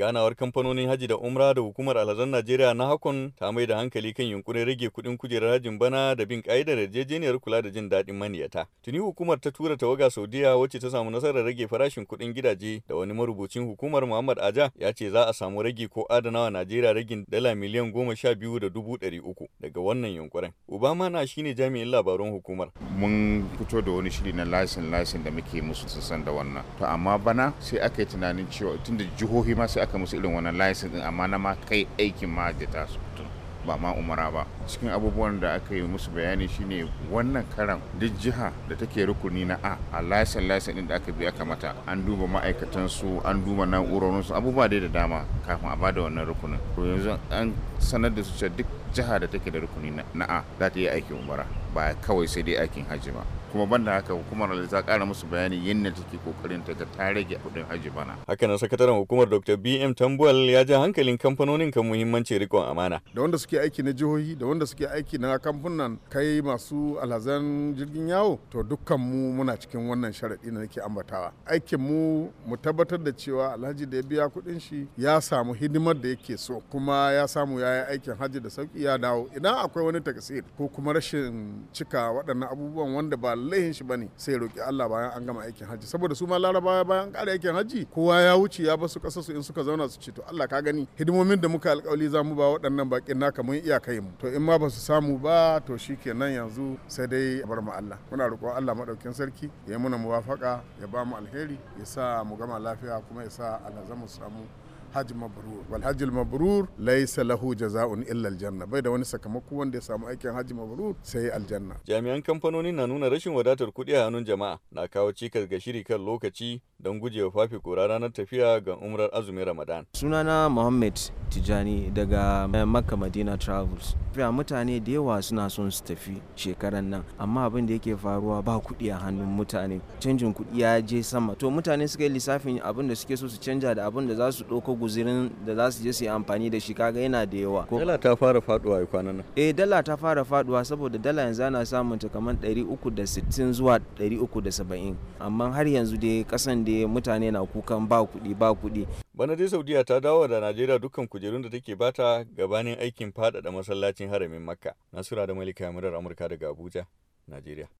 ganawar kamfanonin haji da umra da hukumar alhazan najeriya na hakon ta mai da hankali kan yunkurin rage kudin kujerar hajin bana da bin ka'idar yarjejeniyar kula da jin daɗin maniyata tuni hukumar ta tura tawaga saudiya wacce ta samu nasarar rage farashin kudin gidaje da wani marubucin hukumar muhammad aja ya ce za a samu rage ko adanawa najeriya ragin dala miliyan goma sha biyu da dubu ɗari uku daga wannan yunkurin obama na shine jami'in labarun hukumar mun fito da wani shiri na lasin lasin da muke musu sassan da wannan to amma bana sai aka yi tunanin cewa tun da jihohi ma sai aka musu irin wannan license din amma na ma kai aikin ma da tasu ba ma umara ba cikin abubuwan da aka yi musu bayani shine wannan karan duk jiha da take rukuni na a a lasan lasan din da aka biya kamata an duba ma'aikatan su an duba na'urorin su abubuwa dai da dama kafin a bada wannan rukunin to yanzu an sanar da su cewa duk jiha da take da rukuni na a za ta yi aikin umara ba kawai sai dai aikin hajji ba kuma banda haka hukumar ta kara musu bayani yadda take kokarin ta ta rage kudin hajji bana hakanan sakataren hukumar dr bm tambuwal ya ja hankalin kamfanonin kan muhimmanci rikon amana da wanda suke aiki na jihohi da wanda suke aiki na kamfunan kai masu alhazan jirgin yawo to dukkan mu muna cikin wannan sharadi na nake ambatawa aikin mu mu tabbatar da cewa alhaji da ya biya kudin shi ya samu hidimar da yake so kuma ya samu ya aikin hajji da sauki ya dawo idan akwai wani takasir ko kuma rashin cika waɗannan abubuwan wanda ba laihin shi bane sai roki Allah bayan an gama aikin hajji saboda su ma larabawa bayan ƙara aikin hajji kowa ya wuce ya basu ƙasar su in suka zauna su ce to Allah ka gani hidimomin da muka alƙawali za mu ba waɗannan baƙin naka mun iya kai mu to in ma ba su samu ba to shikenan yanzu sai dai a bar mu Allah muna roƙon Allah madaukin sarki ya yi muna muwafaka ya ba mu alheri ya sa mu gama lafiya kuma ya sa alhazan mu samu hajj mabrur wal hajj mabrur laysa lahu jazaa'un illa aljanna bai da wani sakamako wanda ya samu aikin hajj mabrur sai aljanna jami'an kamfanoni na nuna rashin wadatar kuɗi a hannun jama'a na kawo cikas ga shiri kan lokaci don gujewa fafe kora ranar tafiya ga umrar azumin Ramadan. Sunana Muhammad Tijani daga eh, Makka Madina Travels. mutane da yawa suna son su tafi shekaran nan amma abin da yake faruwa ba kuɗi a hannun mutane canjin kuɗi ya je sama to mutane suka yi lissafin abin da suke so su canja da abin da za su ɗauko guzirin da za su je su yi amfani da shi kaga yana da yawa. Dala ta fara faduwa a kwanan nan. Eh dala ta fara faduwa saboda dala yanzu ana samun ta kamar 360 zuwa 370 amma har yanzu dai kasan da mutane na kukan ba kuɗi ba kuɗi. Bana dai Saudiya ta dawo da Najeriya dukkan kujerun da take bata gabanin aikin faɗaɗa masallacin haramin Makka. Nasura da Malika Yamurar Amurka daga Abuja, Najeriya.